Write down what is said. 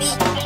beat.